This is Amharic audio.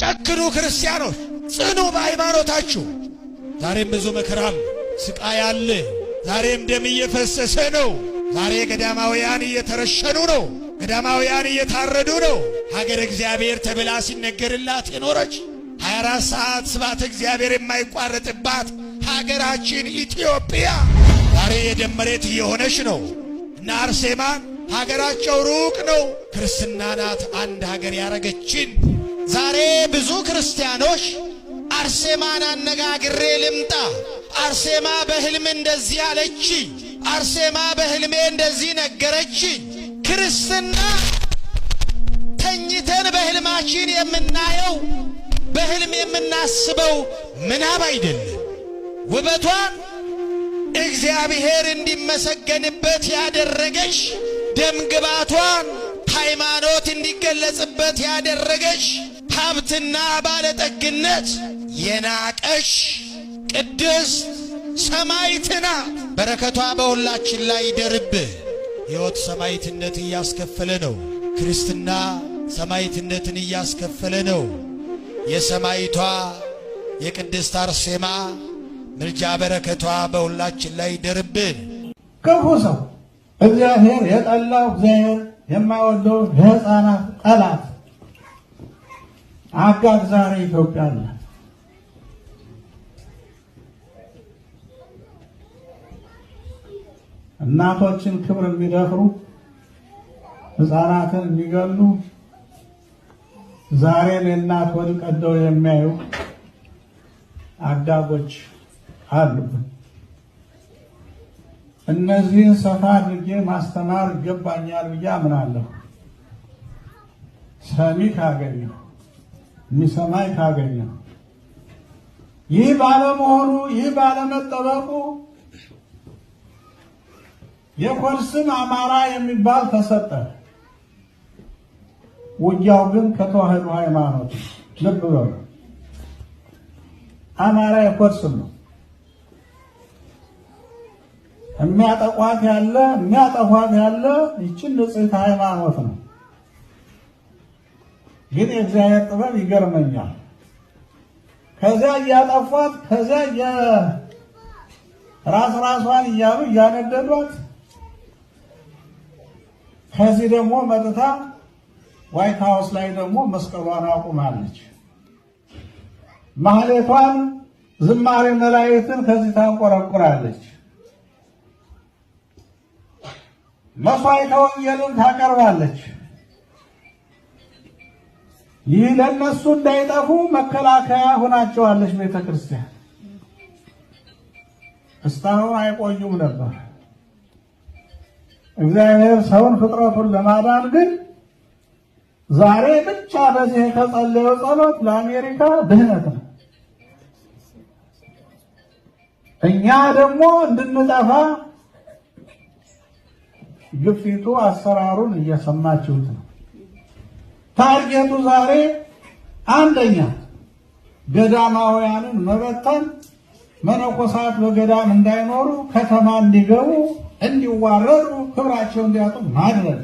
ጨክኑ ክርስቲያኖች፣ ጽኑ በሃይማኖታችሁ። ዛሬም ብዙ መከራም ስቃይ አለ። ዛሬም ደም እየፈሰሰ ነው። ዛሬ ገዳማውያን እየተረሸኑ ነው። ገዳማውያን እየታረዱ ነው። ሀገር እግዚአብሔር ተብላ ሲነገርላት የኖረች 24 ሰዓት ስባት እግዚአብሔር የማይቋረጥባት ሀገራችን ኢትዮጵያ ዛሬ የደም መሬት እየሆነች ነው እና አርሴማን ሀገራቸው ሩቅ ነው ክርስትና ናት አንድ ሀገር ያረገችን ዛሬ ብዙ ክርስቲያኖች አርሴማን አነጋግሬ ልምጣ፣ አርሴማ በሕልም እንደዚህ አለች፣ አርሴማ በሕልሜ እንደዚህ ነገረች። ክርስትና ተኝተን በሕልማችን የምናየው በሕልም የምናስበው ምናብ አይደለም። ውበቷን እግዚአብሔር እንዲመሰገንበት ያደረገች ደምግባቷን ታይማ እንዲገለጽበት ያደረገሽ ሀብትና ባለጠግነት የናቀሽ ቅድስት ሰማይትና በረከቷ በሁላችን ላይ ደርብ ሕይወት ሰማይትነት እያስከፈለ ነው። ክርስትና ሰማይትነትን እያስከፈለ ነው። የሰማይቷ የቅድስት አርሴማ ምልጃ በረከቷ በሁላችን ላይ ይደርብን። ክፉ ሰው እግዚአብሔር የጠላው እግዚአብሔር የማይወደው የህፃናት ጠላት አጋር ዛሬ ኢትዮጵያ አለ። እናቶችን ክብር የሚደፍሩ ህፃናትን የሚገሉ ዛሬን የእናት ወድ ቀደው የሚያዩ አጋጎች አሉብን። እነዚህን ሰፋ አድርጌ ማስተማር ይገባኛል ብዬ አምናለሁ። ሰሚ ካገኘሁ የሚሰማኝ ካገኘሁ ይህ ባለመሆኑ ይህ ባለመጠበቁ ስም አማራ የሚባል ተሰጠ። ውጊያው ግን ከተዋህዶ ሃይማኖት ልብ በሉ። አማራ የኮርስም ነው። የሚያጠቋት ያለ የሚያጠፏት ያለ ይችን ንጽሕት ሃይማኖት ነው። ግን የእግዚአብሔር ጥበብ ይገርመኛል። ከዚያ እያጠፏት ከዚያ ራስ ራሷን እያሉ እያነደዷት ከዚህ ደግሞ መጥታ ዋይት ሃውስ ላይ ደግሞ መስቀሏን አቁማለች። ማህሌቷን ዝማሬ መላእክትን ከዚህ ታንቆረቁራለች። መስዋዕተ ወንጌልን ታቀርባለች። ይህ ለእነሱ እንዳይጠፉ መከላከያ ሆናቸዋለች ቤተ ክርስቲያን። እስካሁን አይቆዩም ነበር። እግዚአብሔር ሰውን ፍጥረቱን ለማዳን ግን ዛሬ ብቻ በዚህ የተጸለየው ጸሎት ለአሜሪካ ድህነት ነው። እኛ ደግሞ እንድንጠፋ ግፊቱ አሰራሩን እየሰማችሁት ነው። ታርጌቱ ዛሬ አንደኛ ገዳማውያንን መበተን፣ መነኮሳት በገዳም እንዳይኖሩ ከተማ እንዲገቡ እንዲዋረዱ፣ ክብራቸው እንዲያጡ ማድረግ